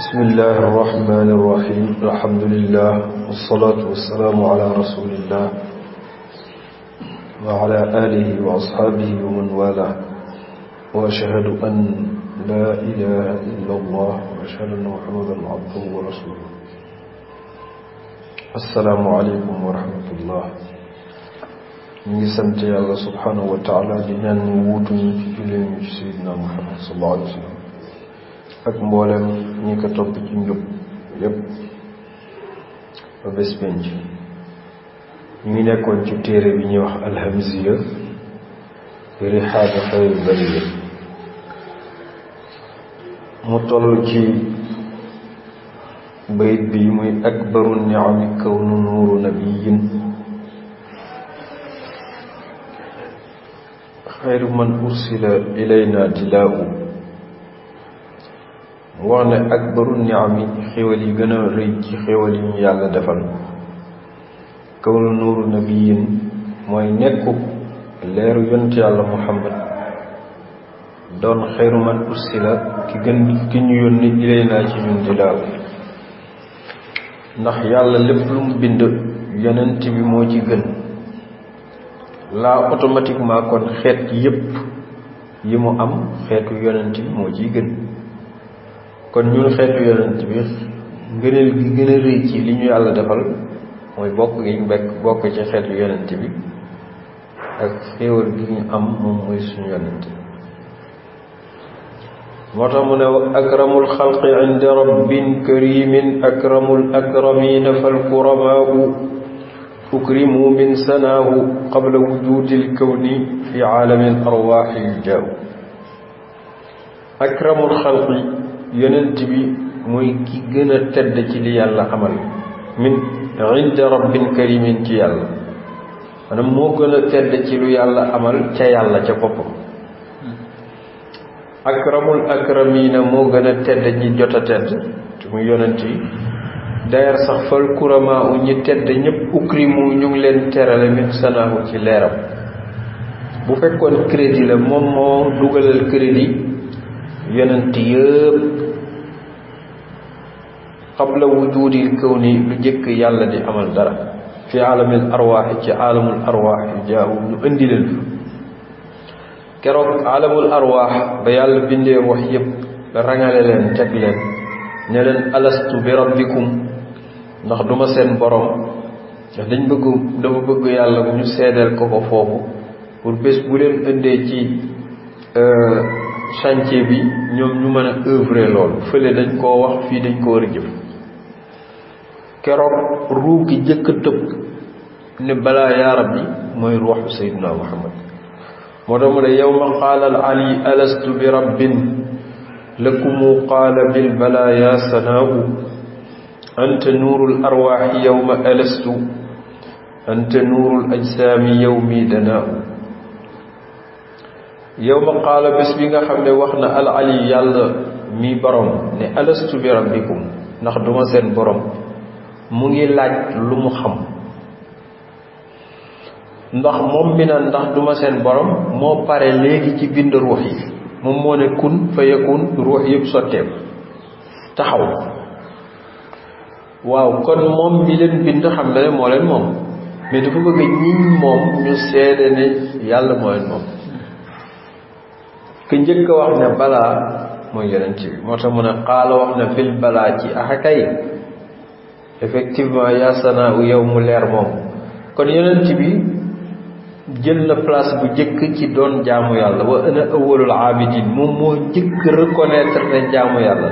بسم الله الرحمن الرحيم الحمد لله والصلاة والسلام على رسول الله وعلى آله وأصحابه ومن والاه وأشهد أن لا إله إلا الله وأشهد أن محمدا عبده ورسوله السلام عليكم ورحمة الله ñu ngi sant yàlla subhanahu wa taala di ñaan ñu wuutuñu ci jullee ñu ci sayidina muhammad sallallahu alayhi wa sallam ak mboolem ñi ko topp ci njub yépp ba bés penc ñu ngi nekkoon ci téere bi ñuy wax alhamziya rihaaba xayr bariya mu toll ci bayit bi muy akbaru niami kawnu nuuru nabiyin xayru man ursila ilayna dilaau wax ne akbaru niam yi xéwal yi gën a rëy ci xéwal yi ñu yàlla defal kawnu nuuru nabiyin mooy nekku leeru yont yàlla muhammad doon xayru man ursila ki gën ki ñu yónni ilay naa ci ñun di daal ndax yàlla lépp lu mu bind yonent bi moo ci gën laa automatiquement kon xeet yépp yi mu am xeetu yonent bi moo ciy gën kon ñun xeetu yonent bi ngëneel gi gën a rëy ci li ñu yàlla defal mooy bokk gi ñu bekk bokk ci xeetu yonent bi ak xéewal gi ñu am moom mooy suñu yonent moo tax mu ne akramul xalqi inda rabbin karimin akramul akramina fal kuramaau ukrimu min sanaahu qabla wujudil kawni fi aalamil arwaaxi yu jaaw akramul xalqi yonent bi muy ki gën tedd ci li yàlla xamal min inda rabbin karimin ci yàlla maanaam moo gën a tedd ci lu yàlla amal ca yàlla ca boppam akramul na moo gën a tedd ñi jot a tedd te muy yonent yi dayar sax fal kuramaa u ñi tedd ñëpp ukrimu ñu ngi leen terale mi sanaahu ci leeram bu fekkoon crédit la moom moo dugalal crédit yonent yëpp la qabla wujudil ni lu njëkk yàlla di amal dara fi aalamil arwaaxi ci aalamul arwaax jaawu ñu indi leen fa keroog aalamul arwaax ba yàlla bindee wax yépp rangale leen teg leen ne leen alastu bi rabbikum ndax duma seen borom ndax dañ bëgg dafa bëgg yàlla bu ñu seedeel ko ko foofu pour bés bu leen indee ci euh, chantier bi ñoom ñu mën a œuvrer lool fële dañ koo wax fii dañ ko war a jëf keroog ruu gi jëkk a tëb ne balaa yaa rabbi mooy ruuxu sayyidina muhammad moo tax mu ne yawma qaala al ali alastu bi rabbin lakumu qaala bil balaa yaa sanaahu anta nuurul arwaaxi yawma alastu anta nuurul ajsaami yawmi danaahu yawma qaala bés bi nga xam ne wax na al ali yàlla mi borom ne alastu bi rabbikum ndax duma seen borom mu ngi laaj lu mu xam ndax moom mi naan ndax duma seen borom moo pare léegi ci bind ruux yi moom moo ne kun fa yakun ruux yëpp sotteem taxaw waaw kon moom mi leen bind xam ne moo leen moom mais dafa bëgg ñiñ moom ñu seede ne yàlla moo leen moom ki njëkk a wax ne balaa mooy yonent bi moo tax mu ne xaala wax na fil balaa ci ax akay effectivement yaa u yow mu leer moom kon yonent bi jël na place bu njëkk ci doon jaamu yàlla wa ana awwalul aabidin moom moo njëkk reconnaître ne jaamu yàlla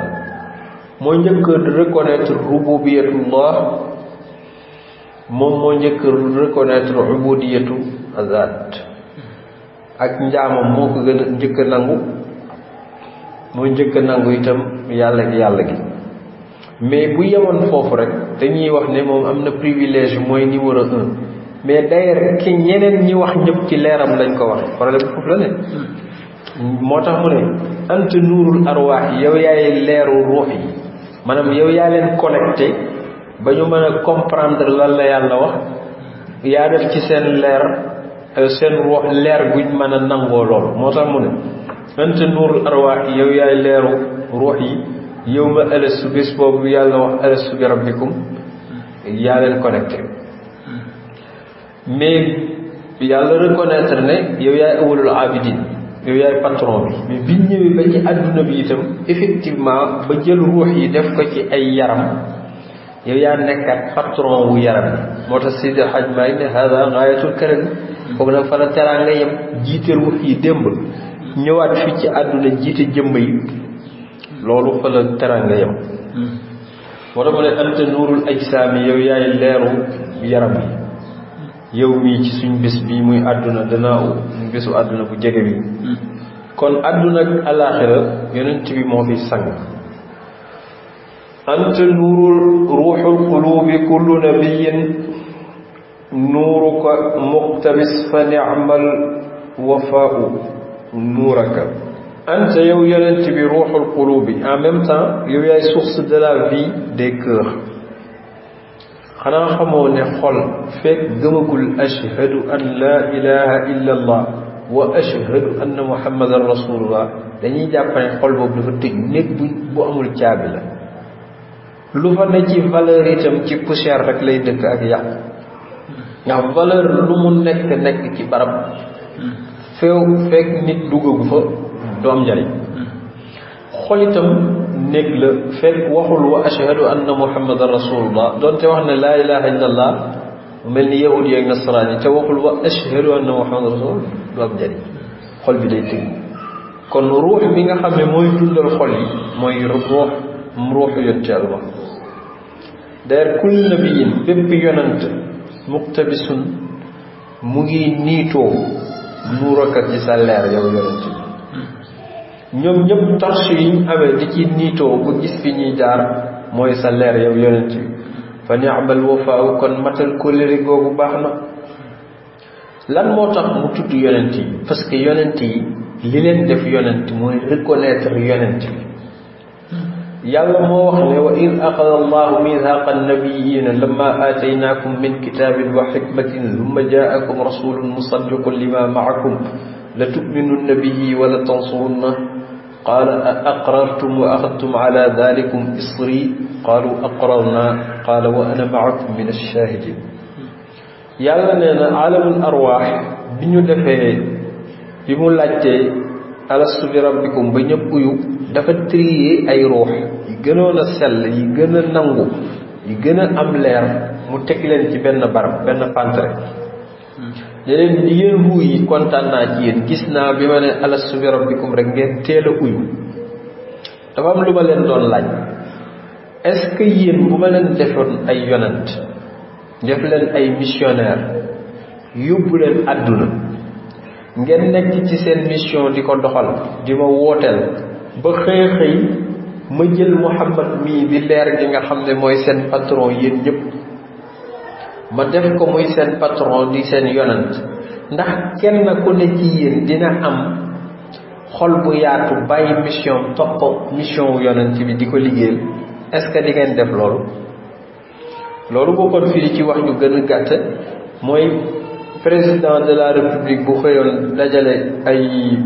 moo njëkk reconnaître rububiyatullah moom ak njaamam moo ko gën a njëkk nangu moo njëkk nangu itam yàlla gi yàlla gi mais bu yemoon foofu rek dañuy wax ne moom am na privilège mooy numéro un mais d'ailleurs ki ñeneen ñi wax ñëpp ci leeram lañ ko wax problème foofu la ne moo tax mu ne ant nuurul arwaax yow yaay leeru ruux yi maanaam yow yaa leen ba ñu mën a comprendre lan la yàlla wax yaa def ci seen leer euh, seen ruux leer guñ mën a nangoo loolu moo tax mu ne ant arwaax yi yow yaay leeru ruux yi yow ma alastu bés boobu yàlla na wax alastu bi rabbikum yaa leen connecté mais yàlla reconnaître ne yow yaay awalul abidin yow yaay patron bi mais ñëwee ba ci àdduna bi itam effectivement ba jël ruux yi def ko ci ay yaram yow yaa nekkaat patron wu yaram bi moo tax Seydi Hadj Malick ne hada gaayatul karam foofu nag fa la teraanga yem jiite ruux yi démb ñëwaat fi ci àdduna jiite jëmb yi loolu fa la teranga yem moo tax ma ne anta nuurul ajsaami yow yaay leeru yaram yi yow mii ci suñ bés bi muy àdduna danaa bésu àdduna bu jege bi kon àdduna alaaxira yonent bi moo fi sang anta nuurul ruuxul quluubi kullu nuuruka muqtabis fa ni'mal wafaa'u nuuraka anta yow yonent bi ruuxul bi en même temps yow yaay source de la vie des cœurs xanaa xamoo ne xol fekk gëmagul ashhadu an laa ilaha illa allah wa ashhadu anna muhammadan rasulullah dañuy jàpp ne xol boobu dafa tëj néeg bu bu amul caabi la lu fa ne ci valeur itam ci poussière rek lay dëkk ak yàqu ndax valeur lu mu nekk nekk ci barab feew fekk nit duggagu fa du am njariñ xol itam néeg la fekk waxul wa ashhadu anna muhammadan rasulullah doonte wax ne laa ilaha illa allah mel ni yahudi ak nasaraan yi te waxul wa ashhadu anna muhammadan rasulullah du am njariñ xol bi day tëj kon ruux mi nga xam ne mooy dundal xol yi mooy ruux ruuxu yonte Yàlla d'ailleurs kull nabiyin bépp yonant muqtabisun mu ngi niitoo nuuraka ci sa leer yow yonent ñoom ñëpp torche yi ñu amee di ci niitoo ku gis fi ñuy jaar mooy sa leer yow yonent bi fa ni'mal kon matal kóllëre googu baax na lan moo tax mu tudd yonent yi parce que yonent yi li leen def yonent mooy reconnaître yonent bi yàlla moo wax wa id axada allahu mithaqa annabiyina lamma aataynaakum min kitaabin wa xikmatin thumma jaakum rasulun musaddiqun lima maakum la tuminunna bihi wala tansurunna qaala aqrartum wa axadtum ala dalikum isri qaalu aqrarna qaala wa ana maakum min ash-shaahidin yàlla nee na alamul arwaax bi ñu defee bi mu laajtee alastu bi rabbikum ba ñëpp uyu dafa trier ay ruux yi gënoon a sell yi gën a nangu yi gën a am leer mu teg leen ci benn barab benn pantre hmm. ne leen di yi kontaan naa ci yéen gis naa bi ma leen alastu bi rabbikum rek ngeen teel uyu dafa am lu ma leen doon laaj est-ce que yéen bu ma leen defoon ay yonent def leen ay missionnaire yóbbu leen àdduna ngeen nekk ci seen mission di ko doxal di ma wooteel ba xëy xëy ma jël Muhammad mii di leer gi nga xam ne mooy seen patron yéen ñëpp ba def ko muy seen patron di seen yonant ndax kenn ku ne ci yéen dina am xol bu yaatu bàyyi mission topp mission wu yonant bi di ko liggéeyal est-ce que di ngeen def loolu loolu bokkoon fii ci wax ñu gën a gàtt mooy président de la république bu xëyoon dajale ay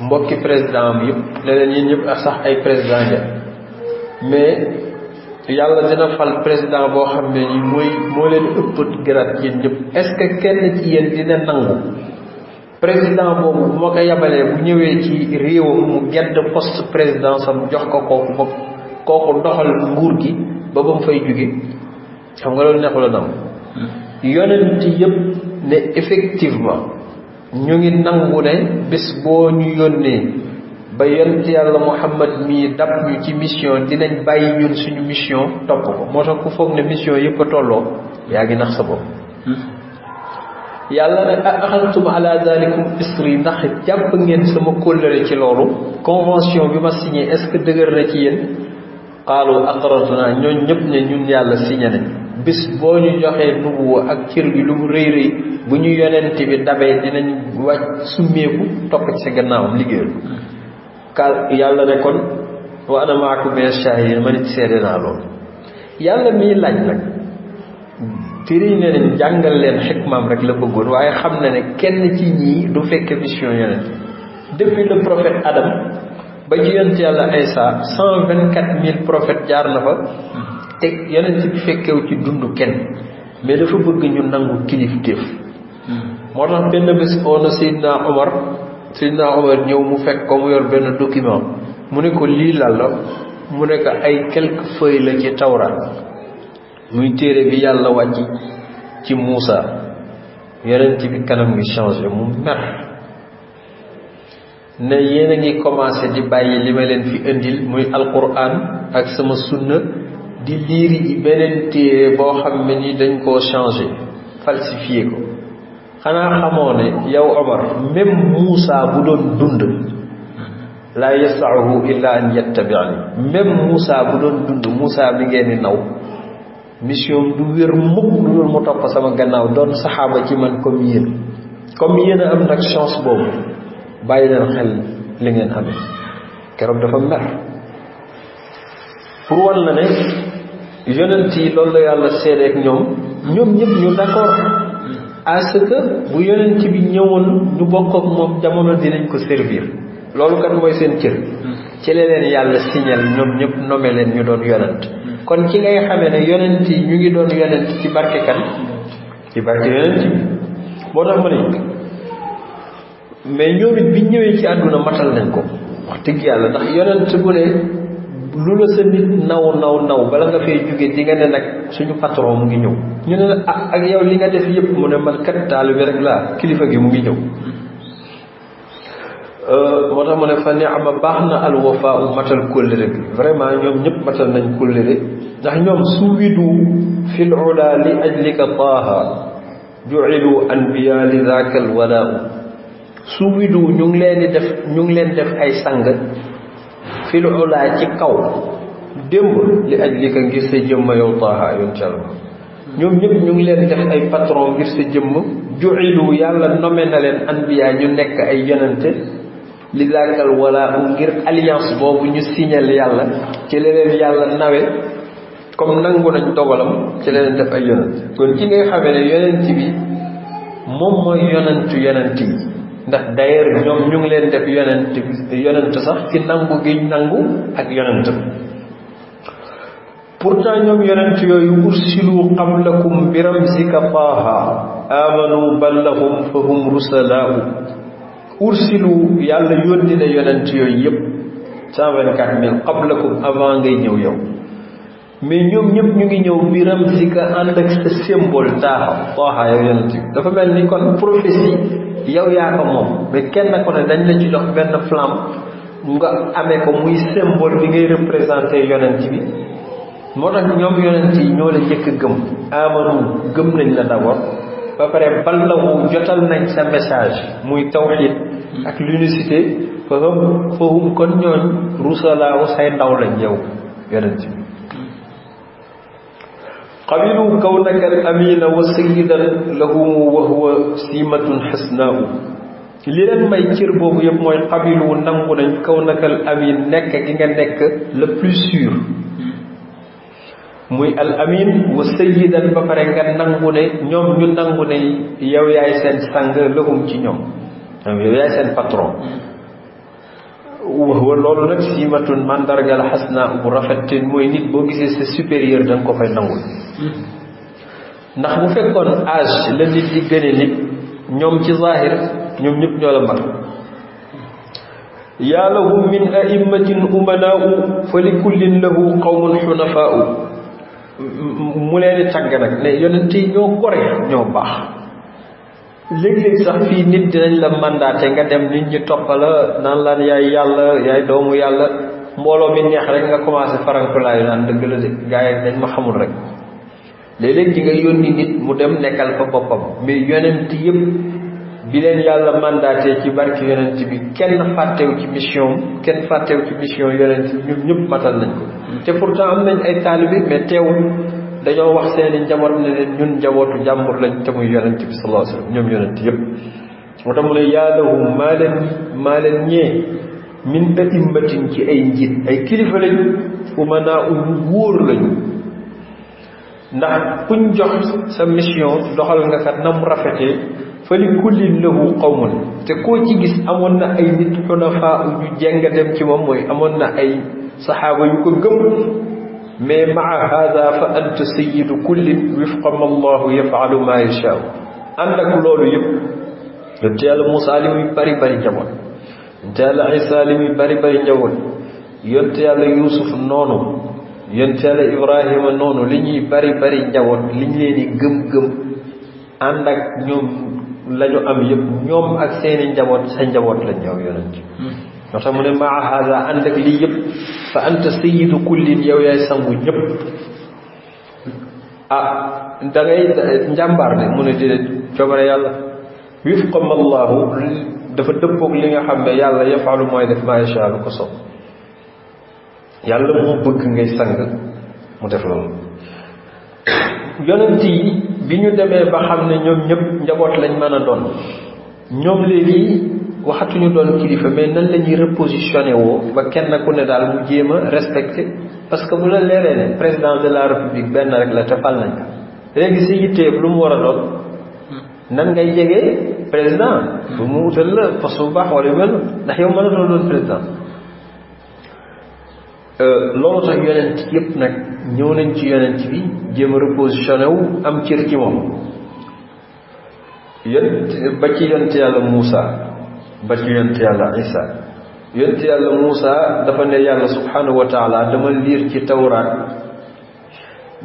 mbokki président am yëpp leneen yéen ñëpp a sax ay président ja mais yàlla dina fal président boo xam ne nii mooy moo leen ëpp grade yéen ñëpp est-ce que kenn ci yéen dina nangu président boobu bu ko yabalee bu ñëwee ci réewam mu gedd poste président sam jox ko kooku bopp kooku doxal nguur gi ba ba mu fay jóge xam nga loolu neexu la nam hmm. yonent yëpp ne effectivement ñu ngi nangu ne bés boo ñu yónnee ba yonent yàlla Muhammad mii dab ñu ci mission dinañ bàyyi ñun suñu mission topp ko moo tax ku foog ne mission yëpp a tolloo yaa ngi nax sa bopp yàlla nag axaltum ala dalikum ngeen sama kóllëre ci loolu convention bi ma signé est-ce que dëgër na ci yéen qaalu aqrarna ñooñ ñëpp ne ñun yàlla signé nañ bis boo ñu joxee nubuwa ak cër gi lu mu rëy rëy bu ñu yonent bi dabee dinañ wàcc summeeku topp ci sa gannaawam liggéeyal kaal yàlla ne kon wa ana maakum ma nit seede naa loolu yàlla miy laaj nag firi ne nañ jàngal leen xikmaam rek la bëggoon waaye xam na ne kenn ci ñii du fekke mission yonent depuis le prophète Adam ba ci yonent yàlla Iisaa cent vingt quatre mille prophètes jaar na fa te yonent bi fekkew ci dund kenn mais dafa bëgg ñu nangu kilifteef hmm. moo tax benn bés oona Seydina Omar Seydina Omar ñëw mu fekk ko mu yor benn document mu ne ko lii lan mu ne ko ay quelques feuilles la ci tawraat muy téere bi yàlla wàcc ci Muusa yonent bi kanam gi changé mu mer ne yéen a ngi commencé di bàyyi li ma leen fi indil muy alquran ak sama sunna di liiri ji beneen téere boo xam ni dañ koo changé falsifié ko xanaa xamoo yow Omar même Moussa bu doon dund laa yastaahu illa an yattabiani même Moussa bu doon dund Moussa mi ngeen di naw mission du wér mukk lu mu topp sama gannaaw doon saxaaba ci man comme yéen comme yéen a am nag chance boobu bàyyi leen xel li ngeen amee keroog dafa mer pour wan la ne yonent yi la yàlla seedeek ñoom ñoom ñëpp ñu d'accord à bu yonent bi ñëwoon ñu bokk moom jamono dinañ ko servir loolu kat mooy seen cër ci la leen yàlla signal ñoom ñëpp nommé leen ñu doon yonent kon ci ngay xamee ne yonent yi ñu ngi doon yonent ci barke kan ci barke yonent bi moo tax ma ne mais ñoom it biñ ñëwee ci àdduna matal nañ ko wax yàlla ndax yonent bu ne lu la sa nit naw naw naw bala nga fay jóge di ne nag suñu patron mu ngi ñëw ñu ne la ah, ak yow li nga def yépp mu ne man kat taalibe rek laa kilifa gi mu ngi ñëw euh, moo tax mu ne fa ni'ma baax na al wafaa matal kóllëre bi vraiment ñoom ñëpp matal nañ kóllëre ndax ñoom suwidu fil ula li ajlika taaha ju'ilu anbiya li zaakal walaa suwidu ñu ngi leen di def ñu ngi leen def ay sang fil ulaa ci kaw démb li aj li ka ngir sa jëmm yow taaha yoon calma ñoom ñëpp ñu ngi leen def ay patron ngir sa jëmm juxilu yàlla nommé na leen anbiya ñu nekk ay yonente li daakal wala ngir alliance boobu ñu signal yàlla ci leneen yàlla nawe comme nangu nañ dogalam ci leneen def ay yonent kon ci ngay xamee ne yonent bi moom mooy yonentu yonent yi ndax d'ailleurs ñoom ñu ngi leen def yonent yonent sax ci nangu gi nangu ak yonent pourtant ñoom yonent yooyu ursilu qablakum bi ramzika taaha amanu bal lahum fa hum rusalaau ursilu yàlla yónni na yonent yooyu yëpp cent vingt quatre mille qablakum avant ngay ñëw yow mais ñoom ñëpp ñu ngi ñëw bi ramzika ànd ak sa symbole taaha taaha yow yonent yi dafa mel ni kon prophétie yow yaa ko moom mais kenn ko ne dañ la ci jox benn flamme nga amee ko muy symbole bi ngay représenté yonent bi moo tax ñoom yonent yi ñoo la jëkk gëm amanu gëm nañ la d'abord ba pare ballawu jotal nañ sa message muy tawxid ak l'unicité fa hum fa hum kon ñooñ rusalaawu say ndaw lañ yow yonent bi qabilu kawnaka al amina wa sayyidan lahum wa huwa simatun xasnaahu li leen may cër boobu yëpp mooy wu nangu nañ kawnaka al amin nekk gi nga nekk le plus sûr muy al amin wa sayyidan ba pare nga nangu ne ñoom ñu nangu ne yow yaay seen sang lahum ci ñoom yow yaay seen patron loolu nag siimatun mandargal na bu rafet te mooy nit boo gisee sa supérieur da nga ko fay nangul ndax bu fekkoon âge la nit di gëne nit ñoom ci zahir ñoom ñëpp ñoo la mag yaa lahum min aimatin umanaau fa li kullin lahu qawmun xunafaau mu leen di nag ne yonent ñoo gore ñoo baax léeg-léeg sax fii nit dinañ la mandaté nga dem nit ñi toppala naan laan yaay yàlla yaay doomu yàlla mbooloo mi neex rek nga commencé farankulaayu naan dëgg la de gaa yi dañ ma xamul rek léeg-léeg di nga yónni nit mu dem nekkal fa boppam mais yonent yëpp bi leen yàlla mandaté ci barki yonent bi kenn fàttew ci mission kenn fàttew ci mission yonent ñun ñëpp matal nañ ko te pourtant am nañ ay taalibe mais teewul dañoo wax seeni njaboot ne leen ñun njabootu jàmbur lañ te muy yonent bi sallallahu alayhi wasallam ñoom yonent yëpp moo tax mu ne yaa lahum maa leen maa leen ñee min a'immatin ci ay njiit ay kilifa lañ umanaa ñu wóor lañu ndax kuñ jox sa mission doxal nga kat na mu rafetee fali kullin lahu qawmun te koo ci gis amoon na ay nit xunafaa ñu jeng dem ci moom mooy amoon na ay saxaaba yu ko gëm mais maa hada fa anta sayyidu kullin wifqa ma allahu yafalu ma yashaau ànd ak loolu yëpp yonte yàlla Moussa li muy bari bari njaboot yonte yàlla Isa li muy bari bari njaboot yonte yàlla Yuusuf noonu yonte yàlla Ibrahima noonu li ñuy bari bari njaboot li ñu leen di gëm-gëm ànd ak ñoom la ñu am yëpp ñoom ak seeni njaboot sa njaboot la ñëw yonent moo tax mu ne maa haada ànd ak lii yëpp fa anta sayyidu lii yow yaay sangu ñëpp ah da ngay de mu ne déedéet coobare yàlla wifqam allahu dafa dëppoog li nga xam ne yàlla yafalu mooy def maa yashaa lu ko sopp yàlla moo bëgg ngay sang mu def loolu yonent yi bi ñu demee ba xam ne ñoom ñëpp njaboot lañ mën a doon ñoom léegi waxatuñu doon kilifa mais nan la ñuy repositionné woo ba kenn ku ne daal mu jéem a respecté parce que bu la leeree ne président de la république benn rek la te fal nañ ko léegi si yitteeb lu mu war a doon nan ngay jege président bu mu wutal la poste bu baax wala yu mel ndax yow mënatoo doon président euh, loolu tax yonent yépp nag ñëw nañ ci yonent bi jéem a repositionné wu am cër ci moom yonent ba ci yonent yàlla muusa ba ci yonent yàlla isa yonent yàlla Muusa dafa ne yàlla subhanahu wa dama liir ci tawraat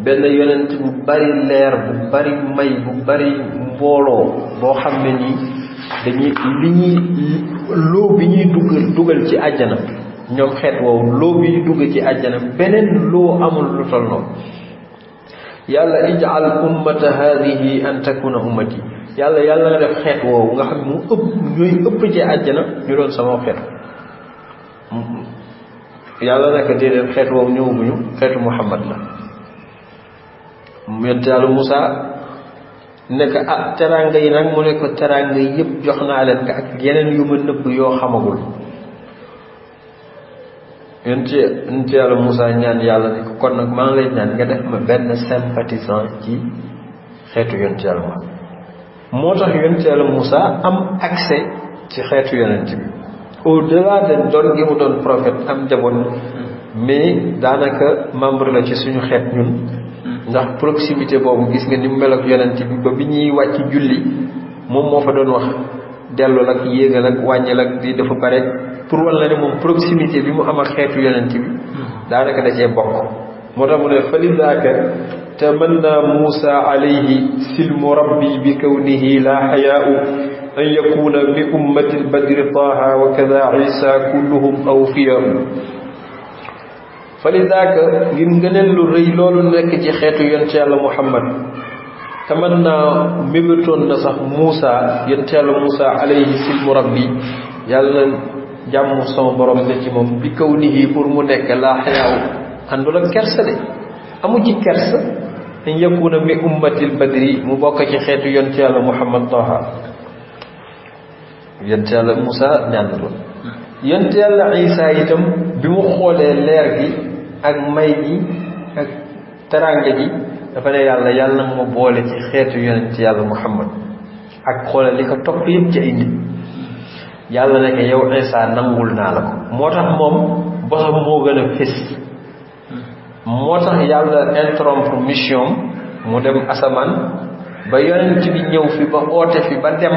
benn yonent bu bari leer bu bari may bu bari mbooloo boo xam ne dañuy li ñuy loo bi ñuy dugg dugal ci àjjana ñoom xeet woowu loo bi ñuy dugg ci àjjana beneen loo amul lu noonu yàlla ij'al ummata hadihi an takuna ummati yàlla yàlla nga def xeet woowu nga xam ne mu ëpp ñooy ëpp ci àjjana ñu doon sama xeet yàlla nekk déedéet xeet woowu ñëwaguñu xeetu Muhammad la yonent yàlla Moussa nekk ah teraanga nag mu ne ko teraanga jox naa leen ak yeneen yu ma nëbb yoo xamagul yonent yonent yàlla ñaan yàlla ne kon nag maa ngi lay ñaan nga def ma benn sympathisant ci xeetu yàlla Muhammad moo tax yonent yàlla Moussa am accès ci xeetu yonent bi au delà de doon gi mu doon prophète am njaboot mais daanaka membre la ci suñu xeet ñun ndax proximité boobu gis nga ni mu mel ak yonent bi ba bi ñuy wàcc julli moom moo fa doon wax dellul ak yéegal ak wàññil ak di dafa pare pour walla ne moom proximité bi mu am ak xeetu yonent bi daanaka da cee bokk moo tax mu ne fa lidaaka te mën naa Muusa alayhi silmu rabbi bi kawnihi la xayaau an yakuna bi ummati lbadri taaha wa kada isa kulluhum awfiyaam fa lidaaka ngir ngëneel lu rëy loolu nekk ci xeetu yonent yàlla Muhammad te mën naa mébétoon na sax Muusa yonent yàlla Muusa alayhi silmu rabbi yàlla jàmm sama borom ne ci moom bi kawnihi pour mu nekk la xayaaw àndul ak kersa de amu ci kersa an yakuna mi ummatil badri mu bokk ci xeetu yonent yàlla Muhammad Taha yonent yàlla Moussa ñaanaloon yàlla Isa tam bi mu xoolee leer gi ak may gi ak teraanga ji dafa ne yàlla yàlla na ma boole ci xeetu yonent yàlla Muhammad ak xoolal li ko topp yëpp ca indi yàlla ne ko yow Isa nangul naa la ko moo tax moom bosam moo gën a fés moo tax yàlla interrompre mission mu dem asamaan ba yonent bi ñëw fi ba oote fi ba dem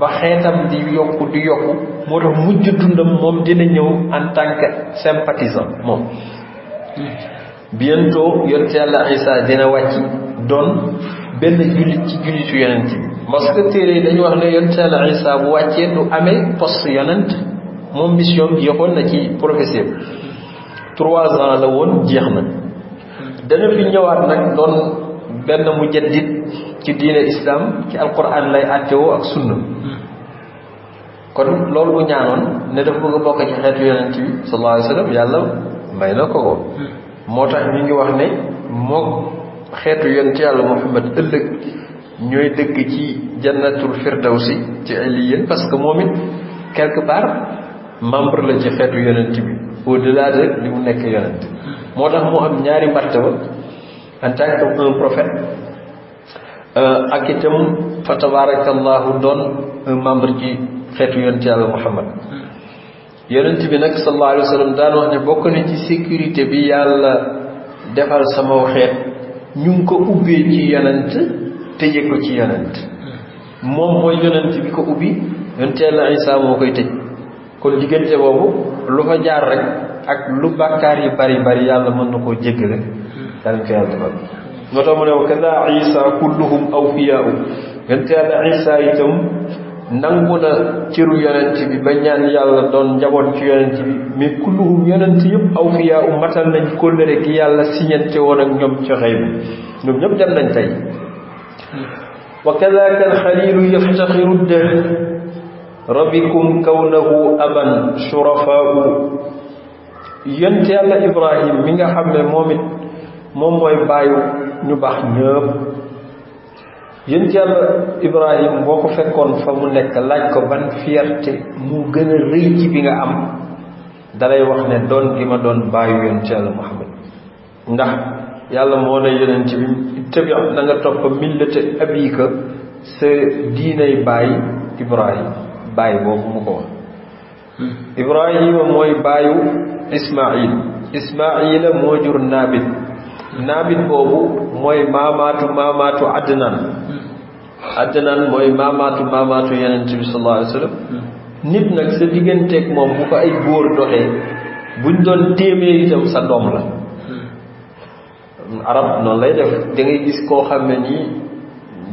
ba xeetam di yokku di yokku moo tax mujj dundam moom dina ñëw en tant que sympathisant moom bientôt yonent yàlla Isa dina wàcc doon benn jullit ci jullitu yonent bi parce téere yi dañu wax ne yonent yàlla Isa bu wàccee du amee poste yonent moom mission bi na ci prophétie trois ans la woon jeex na dana fi ñëwaat nag doon benn mujaddid ci diine islam ci alquran lay àttewoo ak sunna kon loolu bu ñaanoon ne dafa bëgg a bokk ci xeetu yonent bi sallallahu alayhi wa sallam yàlla may na ko ko moo tax ñu ngi wax ne moo xeetu yonent yàlla muhammad ëllëg ñooy dëkk ci jannatul firdawsi ci aliyin parce que moom it quelque part membre la ci xeetu yonent bi au delà li mu nekk yonent moo tax mu am ñaari martaba en tant que un prophète euh, ak itam fa tabarakallahu doon un ci xeetu yonent yàlla Muhammad yonent bi nag sallallahu alayhi daan wax ne bokk na ci sécurité bi yàlla defal sama xeet ñu ngi ko ubbee ci yonent tëje ko ci yonent moom mooy yonent bi ko ubbi yonent yàlla Isaa moo koy tëj kon diggante boobu lu fa jaar rek ak lu bàkkaar yi bari bari yàlla mën na koo jéggale daal ko yàlla defal moo tax mu ne wa kada isa kulluhum awfiyaau yonent yàlla isa nangu na cëru yonent bi ba ñaan yàlla doon njaboot ci yonent bi mais kulluhum yonent yëpp awfiyaau matal nañ kóllëre gi yàlla siñante woon ak ñoom ci xëy bi ñoom ñëpp dem nañ tey wa kadaka alxalilu yaftaxiru dëh rabikum kawnahu aban shurafau yonent yàlla ibrahim mi nga xam ne moom it moom mooy bàyyu ñu baax ñëpp yonent yàlla ibrahim boo ko fekkoon fa mu nekk laaj ko ban fierté mu gën a rëy ci bi nga am dalay wax ne doon gi ma doon bàyyu yonent yàlla muhammad ndax yàlla moo ne yonent bi ittabi na nga topp millata abika sa diinay baay ibrahim baay boobu mu ko wax ibrahima mooy baayu Ismail Ismaila moo jur naabit naabit boobu mooy maamaatu maamaatu Adnan Adnan mooy maamaatu maamaatu yonent bi sa doom la arab noonu lay def da gis koo xam ne nii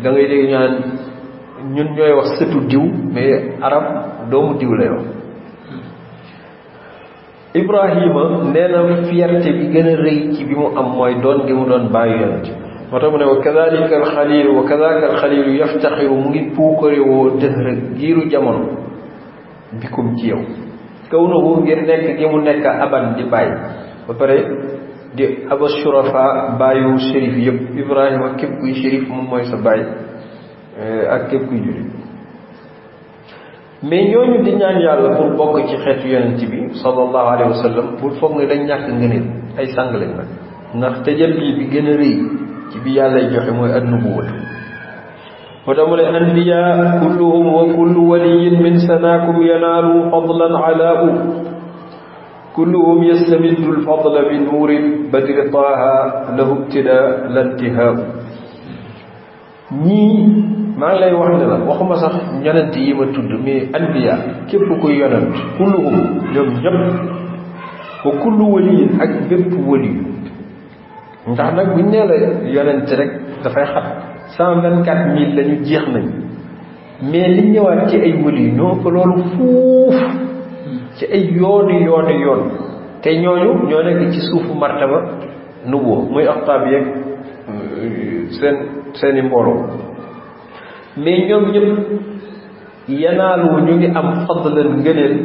da ngay dégg ñun ñooy wax sëtu diw mais arab doomu diw lay wax Ibrahima nee na fierté bi gën a rëy ci bi mu am mooy doon gi mu doon bàyyi yonent moo tax mu ne wa kadalika alxalilu wa kadaka alxalilu yaftaxiru mu ngi puukare woo dëhër giiru jamono bikum ci yow kaw na wu ngir nekk gi mu nekk aban di bàyyi ba pare di aba shurafa bàyyu shérif yëpp Ibrahima képp kuy shérif moom mooy sa bàyyi eh, ak képp kuy jurit mais ñooñu di ñaan yàlla pour bokk ci xeetu yonent bi sallallahu alayhi wa sallam pour foog ne dañ ñàkk ngëneel ay sàng lañ nag ndax tajalli bi gën a rëy ci bi yàllay joxe mooy annubuwa moo tax mu ne anbiya kulluhum wa kullu waliyin min sanaakum yanaalu fadlan alaau kulluhum yastamiddu lfadla bi nuuri badri taaha lahu ibtidaa la intihaau ñii maa ngi lay wax ne la waxuma sax yonent yi ma tudd mais anbiya képp kuy yonent kulluhum ñoom ñëpp ko kullu waliyin ak bépp waliyu ndax nag buñ nee la yonent rek dafay xat cent vingt quatre mille la jeex nañ mais li ñëwaat ci ay waliyu ñoo ko loolu fuuf ci ay yooni yooni yoon te ñooñu ñoo nekk ci suufu ba nubuwa muy octave yeeg euh, seen seen mbooloo mais ñoom ñëpp yanaalu ñu ngi am fadlan ngëneel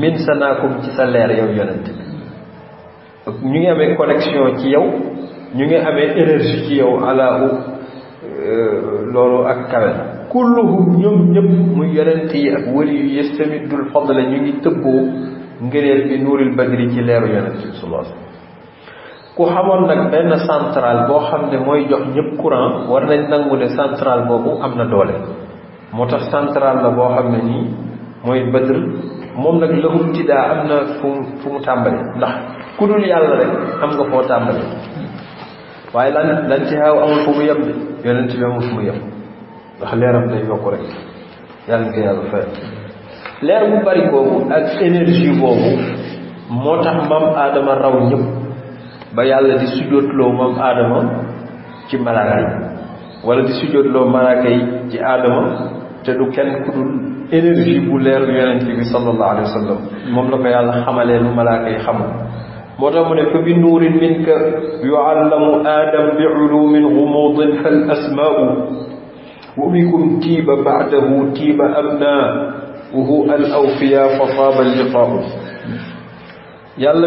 min sanaakum ci sa leer yow yonent bi ñu ngi amee connexion ci yow ñu ngi amee énergie ci yow ala euh, loolu ak kawe kulluhum ñoom ñëpp muy yonent yi ak wëli yu yës tamit dul ñu ngi tëbboo ngëneel bi nuuril badri ci leeru yonent bi sallallahu alayhi wasallam ku xamoon nag benn centrale boo xam ne mooy jox ñëpp courant war nañ nangu ne centrale boobu am na doole moo tax centrale la boo xam ne nii mooy Badr moom nag lahul tiddaa am na fu mu fu mu tàmbali ndax ku dul yàlla rek am nga foo tàmbali waaye lan lan ci xaaw amul fu mu yem bi yonent bi amul fu mu yem ndax leeram day yokk rek yàlla nga yàlla fay leer bu bari boobu ak énergie boobu moo tax maam aadama raw ñëpp ba yàlla di sujootloo moom aadama ci malaaka yi di sujootloo malaaka yi ci aadama te du kenn ku dul énergie bu leer yonent bi sallallahu alayhi wa la ko yàlla xamalee lu malaaka yi xamul moo tax mu ne fa bi nuurin min ka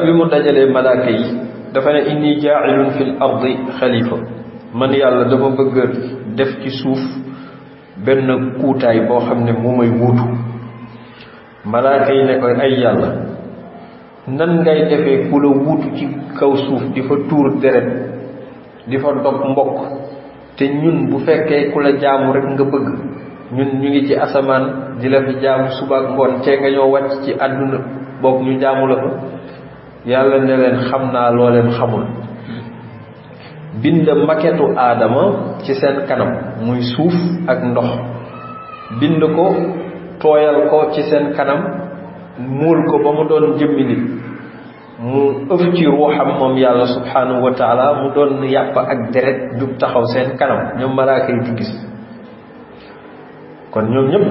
bi mu dajalee malaaka dafa ne inni jaailun fil ardi xalifa man yàlla dama bëgg a def ci suuf benn kuutaay boo xam ne moo may wuutu malaaka yi ne koy ay yàlla nan ngay defee ku la wuutu ci kaw suuf di fa tuur deret di fa dog mbokk te ñun bu fekkee ku la jaamu rek nga bëgg ñun ñu ngi ci asamaan di la fi jaamu suba ak ngoon cee nga ñoo wàcc ci àdduna boog ñu jaamu la fa yàlla na leen xam naa loo leen xamul bind maketu aadama ci seen kanam muy suuf ak ndox bind ko tooyal ko ci seen kanam muul ko ba mu doon jëmmi nit mu ëf ci ruuxam moom yàlla subhaanahu wa mu doon yàpp ak deret jub taxaw seen kanam ñoom malaaka yi gis kon ñoom ñëpp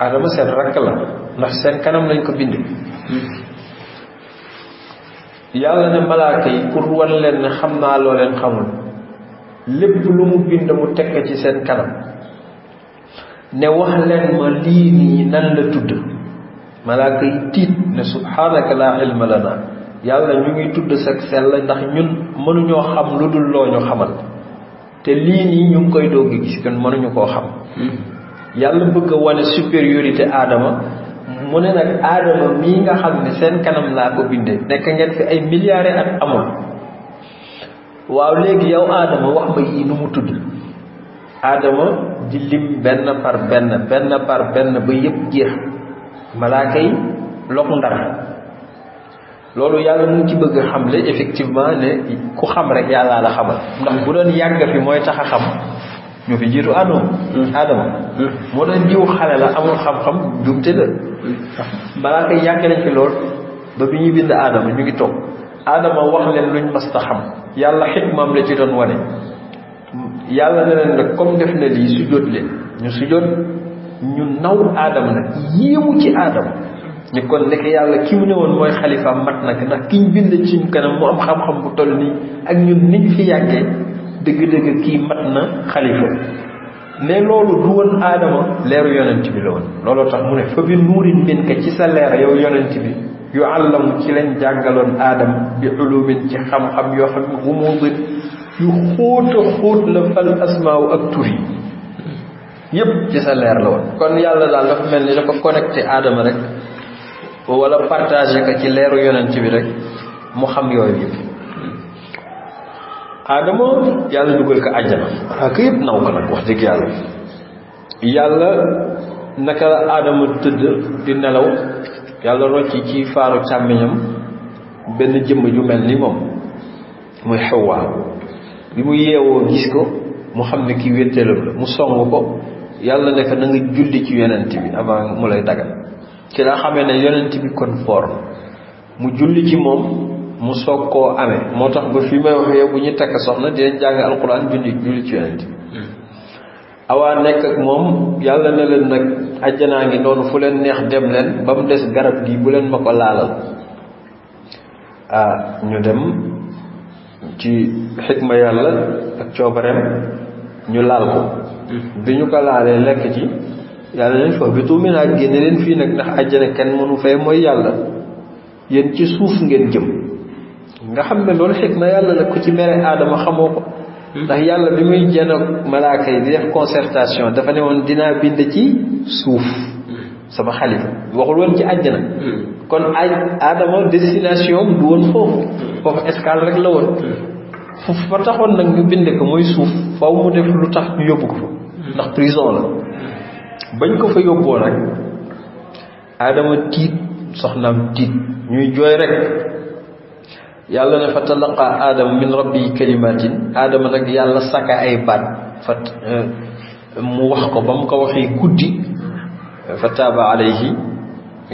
aadama seen rakk la ndax seen kanam lañ ko bind yàlla ne malaaka yi pour wan leen ne xam naa loo leen xamul lépp lu mu bind mu tekk ci seen kanam ne wax leen ma lii nii nan la tudd malaaka yi tiit ne subhaanaka laa ilma lana yàlla ñu ngi tudd sag sell ndax ñun mënuñoo xam lu dul loo ñu xamal te lii nii ñu ngi koy dogg gis kon mënuñu koo xam hmm. yàlla bëgg a wane supériorité aadama mu ne nag aadama mii nga xam ne seen kanam laa ko bindee nekk ngeen fi ay milliards ak amul waaw léegi yow aadama wax ma yii nu mu tudd aadama di lim benn par benn benn par benn ba yëpp jeex malaaka yi loxu ndar loolu yàlla mu ci bëgg xamle effectivement ne ku xam rek yàllaa la xamal ndax bu doon yàgg fi mooy tax a xam ñoo fi jiitu aadama aadama hmm. hmm. moo tax jiw xale la amul xam-xam jumte la hmm. balaa koy yàgg nañ fi lool ba bi ñuy bind aadama ñu ngi toog aadama wax leen luñ mës ta xam yàlla xikmaam la ci doon wane yàlla ne leen nag comme def na lii sujjóot leen ñu sujjóot ñu naw aadama nag yéemu ci aadama ñu kon nekk yàlla ki mu ne woon mooy xalifaam mat nag ndax kiñ bind ci kanam mu am xam-xam bu toll nii ak ñun niñ fi yàggee dëgg-dëgg ki mat na xalifa mais loolu du woon aadama leeru yonent bi la woon looloo tax mu ne fa bi nuurin min ka ci sa leer yow yonent bi yu àllamu ci lañ jàngaloon aadama bi ulumin ci xam-xam yoo xam ne mu gën yu xóot a xóot la fal asmaaw ak tur yi yépp ci sa leer la woon kon yàlla daal dafa mel ni dafa connecté aadama rek wala partagé ko ci leeru yonent bi rek mu xam yooyu yëpp aadama yàlla dugal ko àjjana malaaka yëpp naw ko nag wax dëgg yàlla yàlla naka la aadama tëdd di nelaw yàlla rocci ci faaru càmmiñam benn jëmm ju mel ni moom muy xewwa bi mu yeewoo gis ko mu xam ne kii wétteelam la mu song ko yàlla ne ko na julli ci yonent bi avant mu lay dagal ci la xamee ne yonent bi kon foor mu julli ci moom mu soog koo amee moo tax ba fii may wax yow bu ñuy takk soxna dinañ jàng alquran julli julli ci yonent awaa nekk ak moom yàlla na leen nag ajjanaa ngi noonu fu leen neex dem leen ba mu des garab gi bu leen ma ko laalal ñu dem ci xikma yàlla ak coobareem ñu laal ko bi ñu ko laalee lekk ci yàlla leen fa bi tuumi naa leen fii nag ndax ajjana kenn mënu fay mooy yàlla yéen ci suuf ngeen jëm nga xam ne loolu xikma yàlla la ku ci mere aadama xamoo ko ndax yàlla bi muy jën ak malaaka yi di def concertation dafa ne woon dinaa bind ci suuf sama xalifa waxul woon ci àjjana kon aj aadama destination du woon foofu foofu escale rek la woon foofu fa taxoon nag ñu bind ko muy suuf faw mu def lu tax ñu yóbbu ko fa ndax prison la bañ ko fa yóbboo nag aadama tiit soxnaam tiit ñuy jooy rek yàlla ne fa talaqa aadama min rabbi kalimatin aadama nag yàlla saka ay baat fa euh, mu wax ko ba mu ko waxee guddi fa taaba alayhi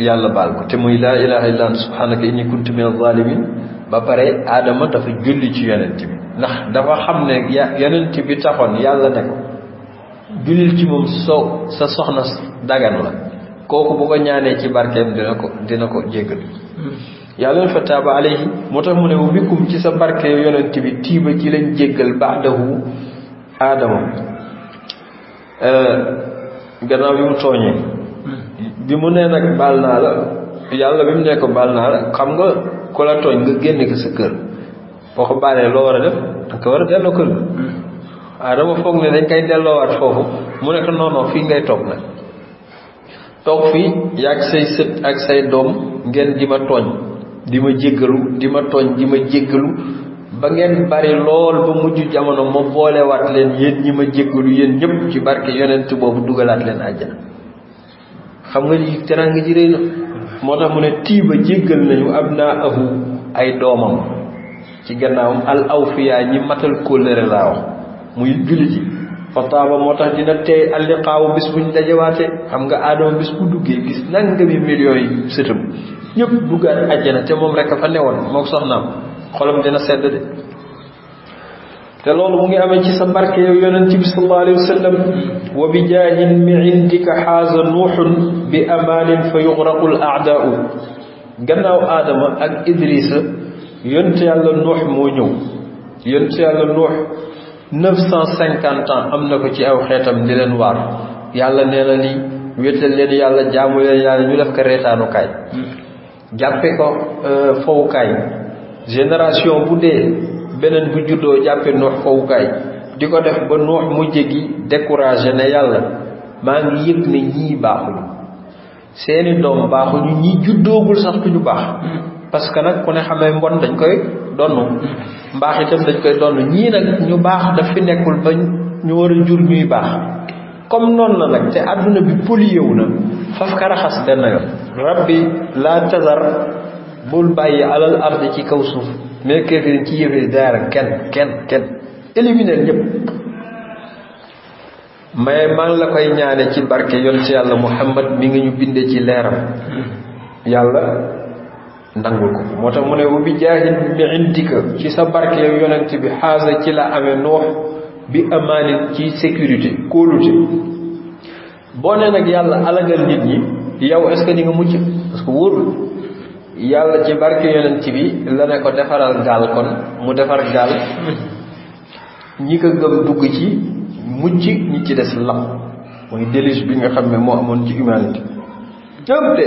yàlla baal ko te muy laa ilaha illa anta subhanaka inni min alzalimin ba pare aadama dafa julli ci yonent bi ndax dafa xam ne yonent bi taxoon yàlla ne ko jullil ci moom soo sa soxna dagan la kooku bu ko ñaanee ci barkeem dina ko dina ko jéggal hmm. yàlla fa taaba alayhi moo tax mu ne bu bikkum ci sa barke yonent bi tiiba ci lañ jéggal baadahu aadama euh, gannaaw bi mu tooñee bi mu nee nag baal naa la yàlla bi mu nee ko baal naa la xam nga ku la tooñ nga génne ko sa kër boo ko baalee loo war a def da ko war a delloo kër aadama foog ne dañ koy delloowaat foofu mu ne ko noonoo fii ngay toog nag toog fii yaag say sët ak say doom ngeen di ma tooñ di ma jéggalu di ma tooñ di ma jéggalu ba ngeen bari lool ba mujj jamono ma boolewaat leen yéen ñi ma jéggalu yéen ñëpp ci barke yonent boobu dugalaat leen àjjana xam nga li teraanga ji rëy na moo tax mu ne tiiba jéggal nañu ab naa ahu ay doomam ci gannaawam al awfiyaa ñi matal kóllëre laa muy julli ji fataaba moo tax dina tey alliqaawu bis buñ dajawaate xam nga aadama bis bu duggee gis nangami millions yi sëtam ñëpp duggaat àjjana te moom rek a fa newoon mook soxnaam xolam dina sedd de te loolu mu ngi amee ci sa barke yow yonent bi sallallahu alayhi wa sallam bi jaahin mi indika xaaza nuuxun bi amaanin fa yuxraqu l gannaaw aadama ak idrisa yonent yàlla nuux moo ñëw yonent yàlla nuux neuf cent cinquante ans am na ko ci aw xeetam di leen waar yàlla nee na ni wéetal leen yàlla jaamu leen yàlla ñu def ko reetaanukaay jàppe ko euh, fowukaay génération bu dee beneen bu juddoo jàppe nuux fowukaay di ko def ba nuux mu gi découragé ne yàlla maa ngi yëg ne ñii baaxuñu seeni doom baaxuñu ñii juddoogul sax ñu baax parce que nag ku ne xamee mbon dañ koy donnu mbaax itam dañ koy donnu ñii nag ñu baax daf fi nekkul ba ñu war a jur ñuy baax comme noonu na nag te àdduna bi pollué wu na faf ka raxas benn yoon rabbi laa tazar bul bàyyi alal ardi ci kaw suuf mais kéefirin ci yëfee daara kenn kenn kenn éliminer la koy ñaane ci barke yoon ci yàlla muhammad mi nga ñu binde ci leeram yàlla nangul ko moo tax mu ne wa bi jaahil bi indika ci sa barke yonent bi xaasa ci la amee nuux bi amaanin ci sécurité kóolute boo nee nag yàlla alagal nit ñi yow est-ce que nga mucc parce que wóorul yàlla ci barke yonent bi la ne ko defaral gaal kon mu defar gaal ñi ko gëm dugg ci mucc ñi ci des lap mooy déluge bi nga xam ne moo amoon ci humanité jëm de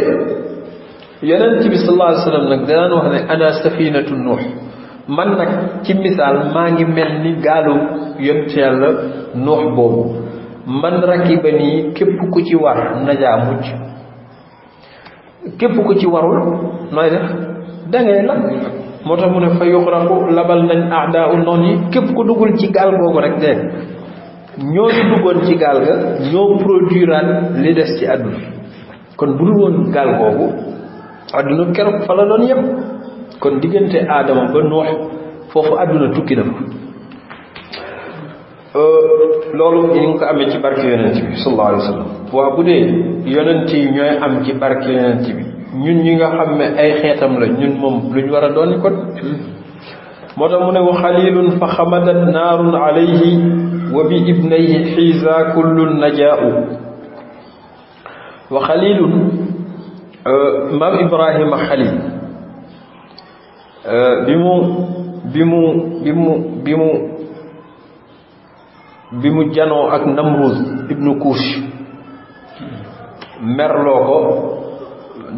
yonent bi sallallahu alayhi nag danaan wax ne ana safinatu nuux man nag ci misaal maa ngi mel ni gaalu yonent yàlla nuux boobu man rakiba nii képp ku ci war najaa mucc képp ku ci warul nooy def da ngay la moo tax mu ne fa yuxraqu labal nañ aadaa u noon yi képp ku duggul ci gaal googu rek dee ñoo ñu duggoon ci gaal ga ñoo produiraat li des ci àdduna kon bu dul woon gaal googu àdduna keroog fa la doon yëpp kon diggante aadama ba noox foofu àdduna tukki na fa euh, loolu ñu ngi ko amee ci barke yonent bi sallallahu alayhi wa sallam waa bu dee yonent yi ay xeetam la ñun moom lu ñu war a doon kon moo tax mu ne wa xalilun fa xamadat naarun alayhi wa bi ibnayhi xiisa kullun najaau wa xalilun euh, maam ibrahima xalil Euh, bi mu bi mu bi mu bi mu bi mu janoo ak Namrud ibnu Kuush merloo ko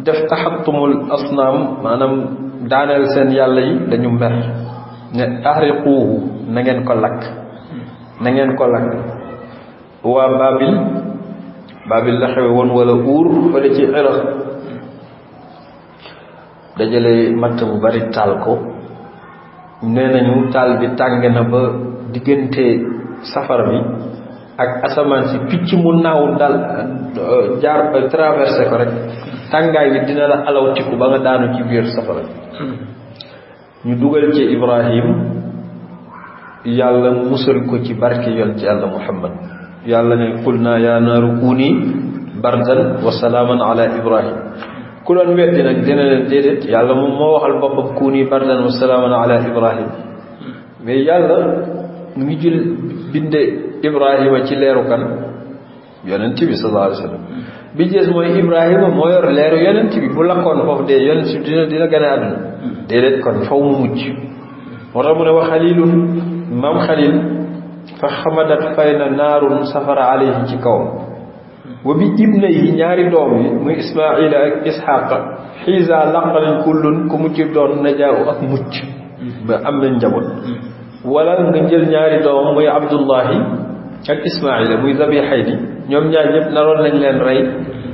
def taxattumul asnaam maanaam daaneel seen yàlla yi dañu mer ne ahriquuhu na ngeen ko lakk nangeen ko lakk waa Baabil Baabil la xewe woon wala uur fële ci Iraq dajale matt bu bari taal ko nee nañu taal bi tàng na ba diggante safara bi ak asamaan si picc mu naaw dal euh, jaar euh, traversé ko rek tàngaay bi dina la alawtiku ba nga daanu ci biir safara bi hmm. ñu dugal ci Ibrahim yàlla musal ko ci barke yoon ci yàlla Muhammad yàlla ne qul naa yaa naaru kuuni bardan wa ala Ibrahim ku doon weddi nag dina leen déedéet yàlla moom moo waxal boppam kuuni bardan wa salaaman ala ibrahim mais yàlla ngi jël binde ibrahima ci leeru kan yonent bi sallallahu alayhi wa mooy ibrahima moo yor leeru yonent bi bu lakkoon foofu dee yonent bi dina dina gën a àdduna déedéet kon faw mu mucc moo tax mu ne wa xalilun maam fa xamadat fay na naaru safara alayhi ci kawam wa bi ibnayhi ñaari doom yi muy ismaila ak ishaq xiisa laqal kullun ku mu ci doon najaaw ak mucc ba am nañ njaboot wala nga jël ñaari doom muy abdullahi ak ismaila muy zabixay di ñoom ñaar ñëpp naroon nañ leen rey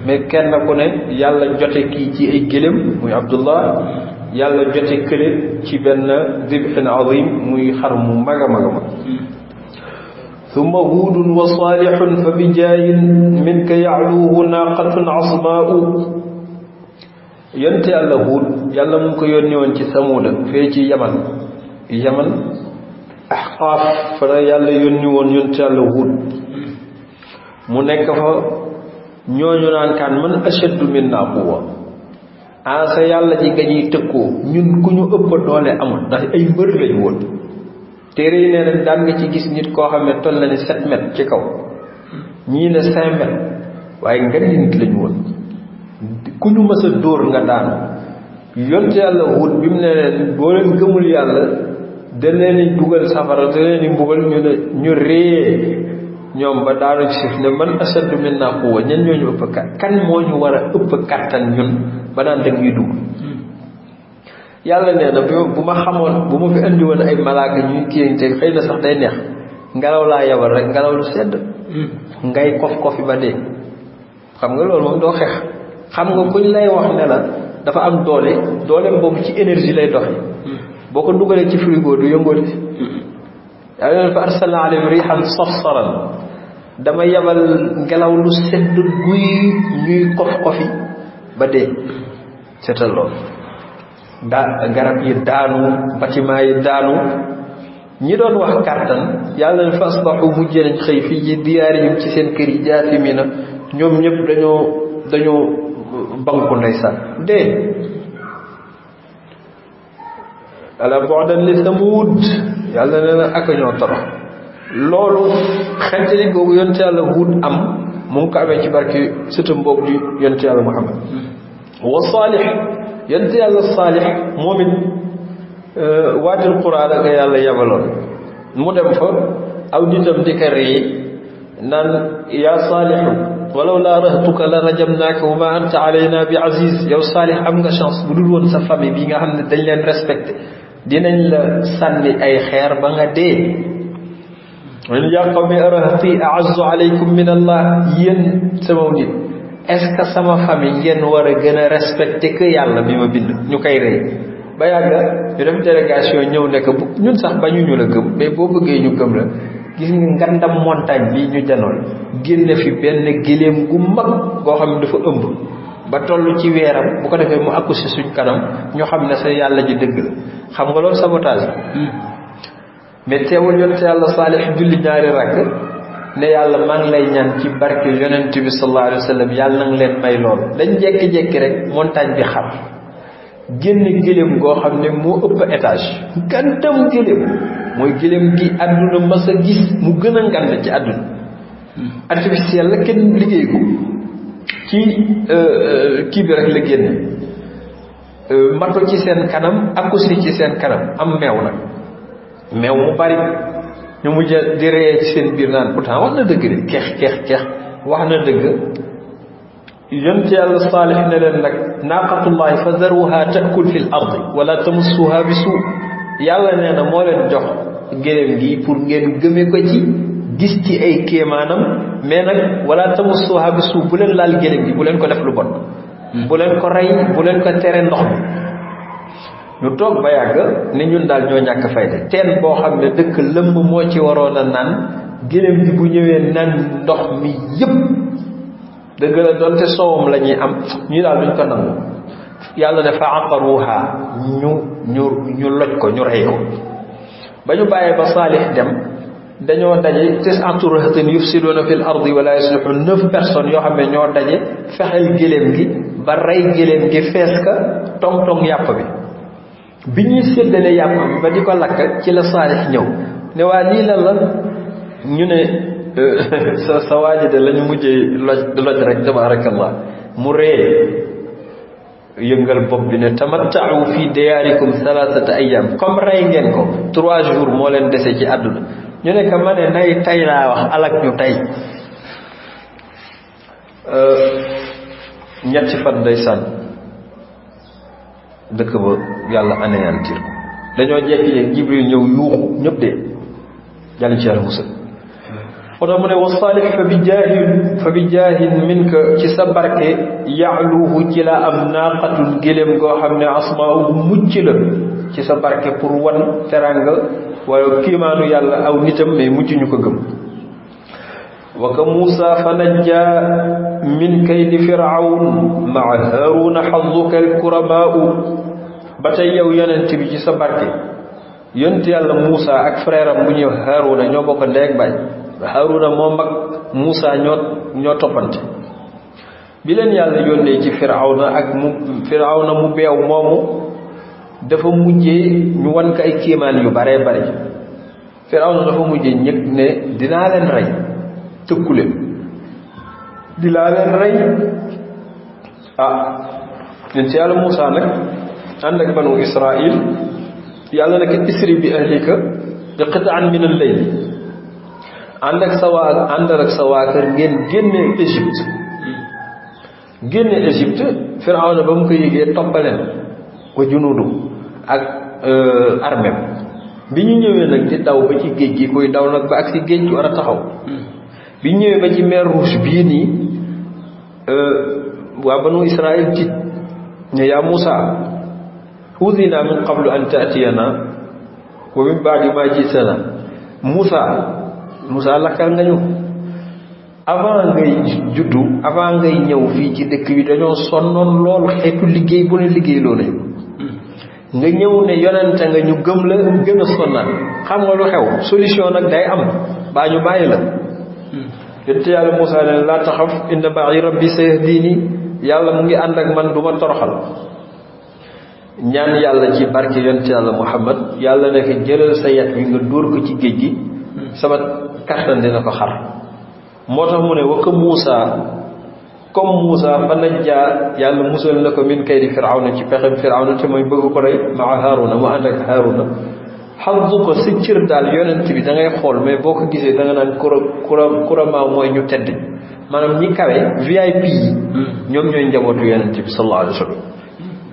mais kenn ku ne yàlla jote kii ci ay gëlëm muy abdullah yàlla jote kële ci benn dibxin azim muy xar mu mag a ma summa huudun wa saalixun fa bijaayin minka yacluuhu naaqatun asmaa'u yonte yàlla huud yàlla mu ngi ko yónni woon ci samuuda fee ci yaman yaman ahqaaf fa la yàlla yónni woon yonte yàlla huud mu nekk fa ñooñu naan kaan man ashaddu minna quwwa asa yàlla ji nga ñuy tëkkoo ñun ku ñu ëpp doole amul ndax ay mbër woon téere yi nee nañ daan nga ci gis nit koo xam ne toll na ne sept mètres ci kaw ñii ne cinq mètres waaye nga di nit lañu woon ku ñu mës a dóor nga daanu yont yàlla wut bi mu ne leen boo leen gëmul yàlla da leen dugal safara da leen mbugal ñu ne ñu réyee ñoom ba daanu ci suuf ne man ashaddu minna quwwa ñen ñooñu ëpp kan moo ñu war a ëpp kattan ñun ba naan da ngay dugg yàlla nee na bu bu ma xamoon bu ma fi andi woon ay malaaka ñuy kiiante xëy na sax day neex ngelaw laa yabal rek ngelaw lu sedd hmm. ngay kof xam nga loolu moom doo xeex xam lay wax dafa am doole dooleem boobu ci énergie lay doxe hmm. boo ko dugalee ci du yëngooti hmm. yàlla nee na fa arsalna alayhim rihan lu sedd guy ñuy kof kofi ba dee seetal loolu daa garab yi daanu bâtiment yi daanu ñi doon wax kàttan yàlla na fa asbaxu mujj nañ xëy fii ci diyaarihim ci seen kër yi jaasimina ñoom ñëpp dañoo dañoo banku ndeysaan dee ala bu'dan li samud yàlla nee na ak ñoo torox loolu xettali googu yonte yàlla Huud am mu ngi ko amee ci barke sëtam di yonte yàlla Muhammad wa Saalih yonent yàlla saalix moom it euh, waatil quraan ak yàlla yabaloon mu dem fa aw nitam di ka rëy naan yaa saalixu walaw laa rahtuka la rajamnaaka wa ma anta alayna bi aziz yow saalix am nga chance bu dul woon sa famille bi nga xam ne dañ leen respecté dinañ la sànni ay xeer ba nga dee yaa qawmi arahti a'azzu alaykum min allah yéen sama nit est ce que sama famille ngeen war a gën a respecté que yàlla bi ma bind ñu koy rëy ba yàgga ñu def délégation ñëw nekk bu ñun sax ba ñu ñu la gëm mais boo bëggee ñu gëm la gis nga ngandam montagne bi ñu janoon génn fi benn géléem gu mag boo xam ne dafa ëmb ba toll ci weeram bu ko defee mu àkku si suñ kanam ñu xam ne sa yàlla ji dëgg la xam nga loolu sabotage hmm. mais teewul yonte yàlla saalix julli ñaari rakk ne yàlla maa ngi lay ñaan ci barke yonent bi sallallahu alayhi wa sallam yàlla na nga leen may lool dañ jékki-jékki rek montagne bi xam génn gëléem goo xam ne moo ëpp étage gantam gëléem mooy gëléem gi àdduna mas a gis mu gën a ngand ci àdduna artificiel la kenn liggéey ko ci euh, euh, kii bi rek la génn euh, mato ci seen kanam akusi ci seen kanam am meew nag meew mu bari ñu mu di ree ci seen biir naan pourtant wax na dëgg de keex keex wax na dëgg yont yàlla saalix ne leen nag naaqatullahi fa daruha taakul fi l ardi wala tamassuha bi suu yàlla nee na moo leen jox géléem gi pour ngeen gëme ko ci gis ci ay kéemaanam mais nag wala tamassuha bi suu bu leen laal géléem gi bu leen ko def lu bon hmm. bu leen ko rey bu leen ko tere ndox mi ñu toog ba yàgg ni ñun daal ñoo ñàkk fayda teen boo xam ne dëkk lëm moo ci waroon a naan gëléem gi bu ñëwee naan ndox mi yëpp dëgg la doonte soowam la ñuy am ñu daal duñ ko nangu yàlla ne fa aqaruha ñu ñu ñu loj ko ñu rey ko ba ñu bàyyee ba saalix dem dañoo daje tis'atu si yufsiduna fil ardi wala yuslihun neuf personnes yoo xam ne ñoo daje fexeel gëléem gi ba rey gëléem gi fees ka tong tong yàpp bi bi ñuy séddale yàpp ba di ko lakk ci la saalix ñëw ne waa lii la la ñu ne euh, sa sa waaji de la ñu mujjee loj loj rek tabaarakallah mu ree yëngal bopp bi ne tamattau fi diyaarikum thalathata ayyam comme rey ngeen ko trois jours moo leen dese ci àdduna ñu ne ko ma ne nay tay laa wax alak ñu tey euh, ñetti fan ndeysaan dëkk ba yàlla anéantir ko dañoo jekki jekk jibril ñëw yuuxu ñëpp dee yàlla ci yàlla oto mu ne wa saalix fa bi jaahin fa bi jaahin ci sa barke yaaluhu ci la am naaqatul gélém goo xam ne asmaahu mucc la ci sa barke pour wan teranga waaye kiimaanu yàlla aw nitam mais mucc ñu ko gëm wa ka muusa fa najjaa min kaydi firawn maa haaruna xazuka alkuramaau ba tey yow yonent bi ci sa barke yonent yàlla Muusa ak frère bu ñuy haaruna ñoo bokk ndeeg baay haaruna moo mag Muusa ñoo ñoo toppante bi yàlla yónnee ci firawna ak mu firawna mu beew moomu dafa mujjee ñu wan ay kéemaan yu baree bari firawna dafa mujjee ñëg ne dinaa leen rey tëkku di laa leen rey ah yéen ci yàlla Moussa nag ànd ak banu Israil yàlla nag isri bi ahlika bi qitaan min al-layl ànd ak sa waa àndal ak sa waa kër ngeen génne Égypte génne Égypte Firawna ba mu ko yëgee toppaleen wa junudu ak euh, armée bi ñu ñëwee nag di daw ba ci géej gi kuy daw nag ba ak si géej gi war a taxaw hmm. bi ñu ñëwee ba ci mer Rouge bii nii Eh, waa banu israil tiit ne yaa Muusa udina min qablu an taatiyana wa min baadi ma jiitana Muusa Muusa lakkal nga ñu avant ngay juddu avant ngay ñëw fii ci dëkk bi dañoo sonnoon lool xeetu liggéey bu ne liggéey loo nga ñëw ne yonente ñu gëm la gën a sonnaat xam nga lu xew solution nag day am baa ñu bàyyi la yonent yàlla Moussa leen laa taxaf inna ma'i rabbi sayahdini yàlla mu ngi ànd ak man du ma toroxal ñaan yàlla ci barke yonent yàlla Muhammad yàlla ne ko jëlal sa yat wi nga dóor ko ci géej gi sama kattan dina ko xar moo tax mu ne wa ka Moussa comme Moussa fa najjaa yàlla musal na ko min kaydi Firawna ci pexem Firawna te mooy bëgg ko rey maa Haaruna mu ànd ak Haaruna xazu ko si cër daal yonent bi da ngay xool mais boo ko gisee da nga naan kura kura kurama mooy ñu tedd maanaam ñi kawe VIP yi hmm. ñoom ñooy njabootu yonent bi sallallahu alayhi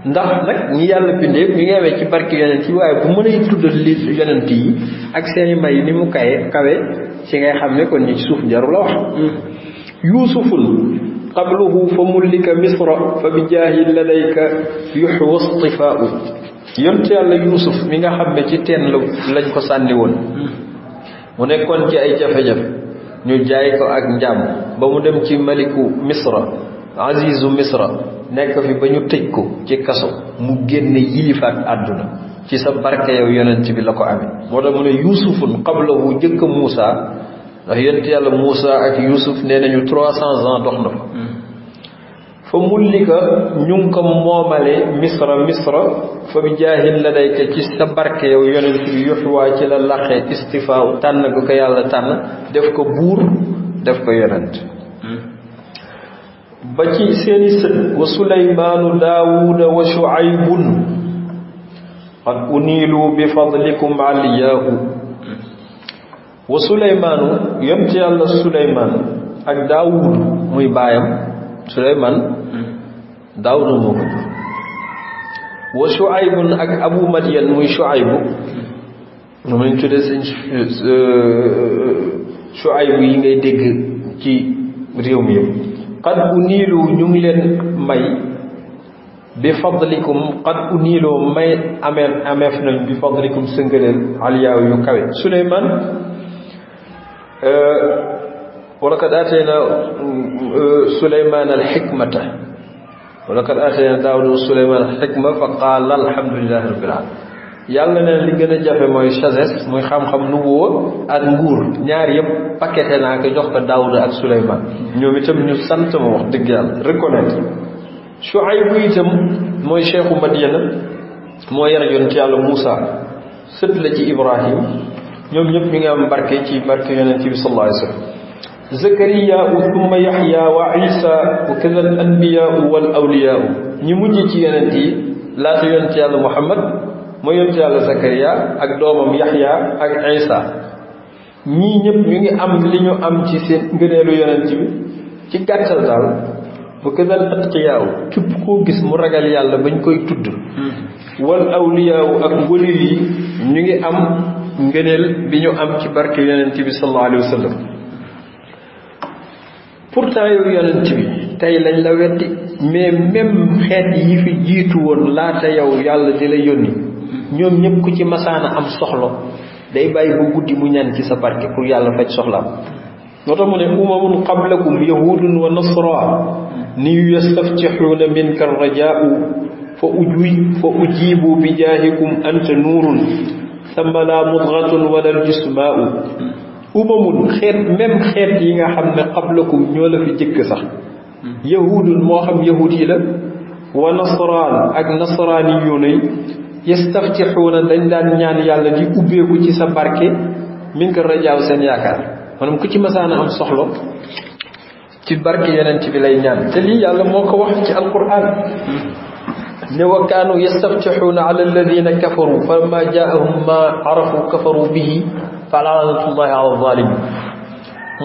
ndax nag ñi yàlla bindee ñu ngi amee ci barke waaye bu mën a tuddal li yonent yi ak seeni may ni mu kaye kawe ci ngay xam ne kon ñi ci suuf njaru la wax hmm. yuusufun qabluhu fa mullika misra fa bi jaahil ladayka yuxwa istifaau yonent yàlla yuusuf mi nga xam ne ci teen la lañ ko sànni woon mu nekkoon ci ay jafe-jafe ñu jaay ko ak njaam ba mu dem ci maliku misra azizu misra nekk fi ba ñu tëj ko ci kaso mu génne yilifaat àdduna ci sa barke yow yonent bi la ko amee moo tax mu ne yuusufun qablahu jëkk Muusa ndax yonent yàlla Muusa ak yuusuf nee nañu trois cents ans dox na fa fa mulika ñu ngi ko moomale misra misra fa bi jaahil la day ci sa barke yonent bi yuxwaa ci la laxe istifaaw tànn gu ko yàlla tànn def ko buur def ko yonent ba ci seeni sët wa suleymaanu daawuda wa suleymaanu yonent yàlla suleymaan ak daawud muy baayam suleyman daawuda moo ko jur wa shuaybun ak abu madiyan muy shuaybu moom lañ tuddee seen euh, shuaybu yi ngay dégg ci réew mi yëpp qad uniilu ñu ngi leen may bi fadlikum qad uniiloo may ameen ameef nañ bi fadlikum sëngëleel aliyaaw yu kawe suleyman euh, walaqad aatayna suleymaan alxikmata walaqad aatayna daawuda suleymaan alxikma fa qaala alhamdulilahi rabbil alamin yàlla ne li gën a mooy sagesse mooy xam-xam nu woo ak nguur ñaar yëpp paqueté naa ko jox ko daawuda ak suleymaan ñoom itam ñu sant ma wax dëgg yàlla reconnaître Shuayb bu itam mooy cheikhu Madyana moo yar yonent Muusa sët la ci Ibrahim ñoom ñëpp ñu ngi am barke ci barke yonent bi sallallahu alayhi wa zakariyau summa yaxya waa isa wa kada al anbiyau wal awliyau ñu mujj ci yonent yi laata yonent yàlla muhammad mooy yonent yàlla zakariya ak doomam yaxya ak isa ñii ñëpp ñu ngi am li ñu am ci seen ngëneelu yonent bi ci gàttal daal wa kada al atqiyau képp koo gis mu ragal yàlla bañ koy tudd hmm. wal awliyaawu ak waliw yi ñu ngi am ngëneel bi ñu am ci barke yonent bi sallallahu alayhi pourtant yow yonent bi tey lañ la weddi mais même xeet yi fi jiitu woon laata yow yàlla di lay yónni ñoom ñëpp ku ci masaana am soxla day bàyyi bu guddi mu ñaan ci sa barke pour yàlla faj soxlaam moo tax mu ne umamun qablakum yahudun wa nasra ni yastaftihuuna minka rajaau fa ujuy fa ujibu bi jaahikum anta nuurun thumma la mudghatun wala umamul xeet même xeet yi nga xam ne qablakum ñoo la fi jëkk sax yahudun moo xam yahud yi la wa nasraan ak nasraani yuuna yi yastaftixuuna dañ daan ñaan yàlla di ubbeeku ci sa barke min ko rajaaw seen yaakaar maanaam ku ci masaana am soxlo ci barke yonent bi lay ñaan te lii yàlla moo ko wax ci alquran ne wa kaanu yastaftixuuna ala alladina kafaru falamma jaahum ma arafu kafaru bihi falanatullahi ala zalim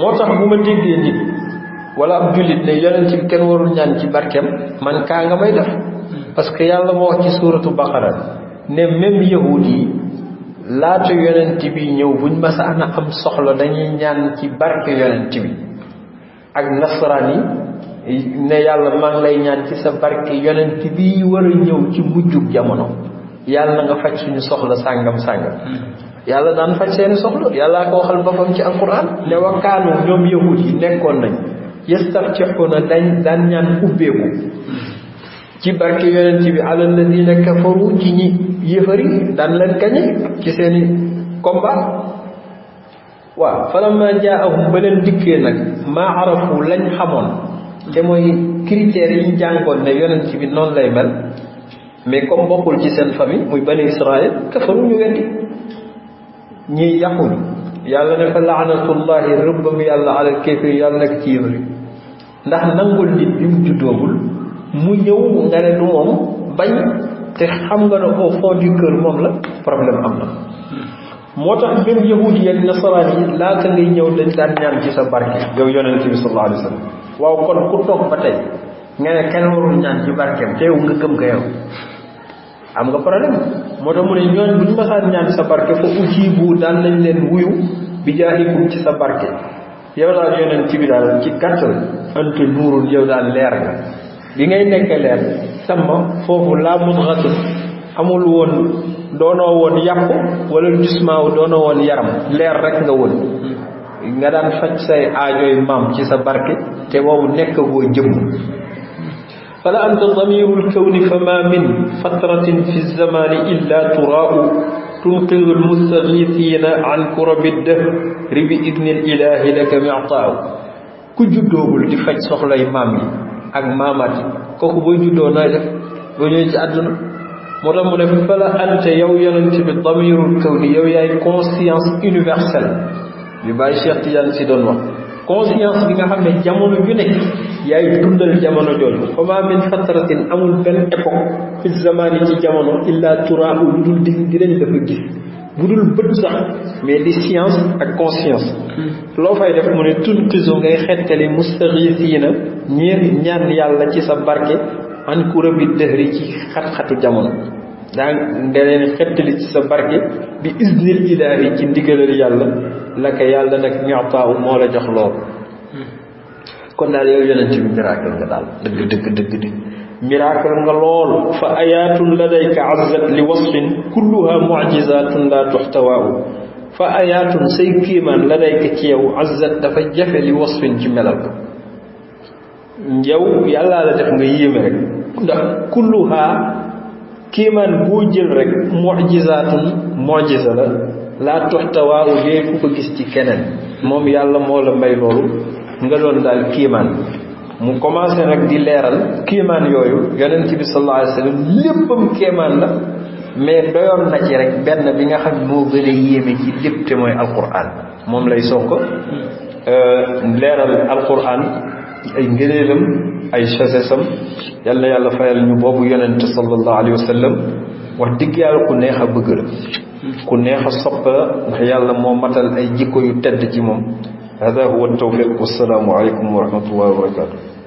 moo tax bu ma déggee nit wala ab jullit ne yonent bi kenn warul ñaan ci barkeem man kaa nga may def parce que yàlla moo wax ci suuratu baqara ne même yahud yi laata yonent bi ñëw buñ masaana am soxla dañuy ñaan ci barke yonent bi ak nasaraan yi ne yàlla maa ngi lay ñaan ci sa barke yonent bi war a ñëw ci mujjug jamono yàlla na nga faj suñu soxla sàngam sàngam yàlla daan faj seeni soxla yàllaa ko waxal boppam ci alquran ne wakkaanu ñoom yahud yi nekkoon nañ a dañ daan ñaan ubbeeku ci barke yonent bi ala alladina kafaru ci ñi yëfari daan leen gañe ci seeni combat waaw falamma jaahum ba leen dikkee nag maa arafu lañ xamoon te mooy critères yi ñu jàngoon ne yonent bi noonu lay mel mais comme bokkul ci seen famille muy bani israël kafaru ñu weddi ñii yàqul yàlla ne fa laanatullahi rëbbam yàlla alal kéefir yàlla nekk ci yéen ndax nangul nit bi mu juddoogul mu ñëw nga ne du moom bañ te xam nga ne au fond moom la problème am na moo tax même yahud yi ak nasaraan yi laata ngay ñëw dañ daan ñaan ci sa barke yow yonent bi sallallahu alayhi wa waaw kon ku toog ba tey nga ne kenn warul ñaan ci barkeem te yow nga gëm ko yow am nga problème moo tax mu ne ñooñ bu ñu masaan ñaan sa barke fa buur daan nañ leen wuyu bi jaahikum ci sa barke yow daal yonent bi daal ci gàttal ante nuurul yow daal leer nga bi ngay nekk leer sama foofu laa mudghatun amul woon doonoo woon yàpp wala jismaaw doonoo woon yaram leer rek nga woon nga daan faj say aajooy maam ci sa barke te boobu nekk goo jëmm fala anta damirul kawni fama min fatratin fi zamani illa turaau tunqidu almustaghithina an kurabi dahri bi idni ilahi laka mictaaw ku juddoogul di faj soxlay maam yi ak maamaat yi kooku booy juddoo nooy def boo ñëwee ci àdduna moo tax mu ne fala anta yow yonent bi damirul kawni yow yaay conscience universelle bi bàyyi Cheikh Tidiane si doon wax conscience bi nga xam ne jamono ju nekk yaay dundal jamono jooju fa ma min fatratin amul benn époque fi zamani ci jamono illa turaabu lu dul di di leen dafa gis bu dul bët sax mais di science ak conscience loo fay def mu ne tunqisu ngay xettali mustaxisiina ñeer ñaan yàlla ci sa barke an ku rëbbi dëhri ci xat-xatu jamono dan nga leen xettali ci sa barke bi isnil ilaahi ci ndigalal yàlla la ko yàlla nag ñoxtaawu moo la jox loolu kon daal yow yonent bi miracle nga lool fa ayaatun ladayka azzat li wasfin kulluha mucjizatun laa tuxtawaawu fa ayaatun say kiimaan ladayka ci yow azzat dafa jafe li wasfin ci melal ko yow yàllaa la def nga yéeme rek ndax kulluha kiimaan boo jël rek mojjisaatun mojjisa la laa toxtawaawu dee ku ko gis ci keneen moom yàlla moo la may loolu nga doon daal kiimaan mu commencé nag di leeral kiimaan yooyu yonent bi sallallahu alayhi kiimaan la mais doyoon na ci rek benn bi nga xam moo gën a yéeme ci lépp te mooy alquran moom lay sonko euh, leeral alquran ay ngëneelam ay chasesam yal na yàlla fayal ñu boobu yonent sallallahu alayhi wa sallam wax dëgg yàlla ku neex a bëgg la ku neex a sopp la ndax yàlla moo matal ay jikko yu tedd ci moom hada huwa tawfiq wassalaamu aleykum wa rahmatullahi wa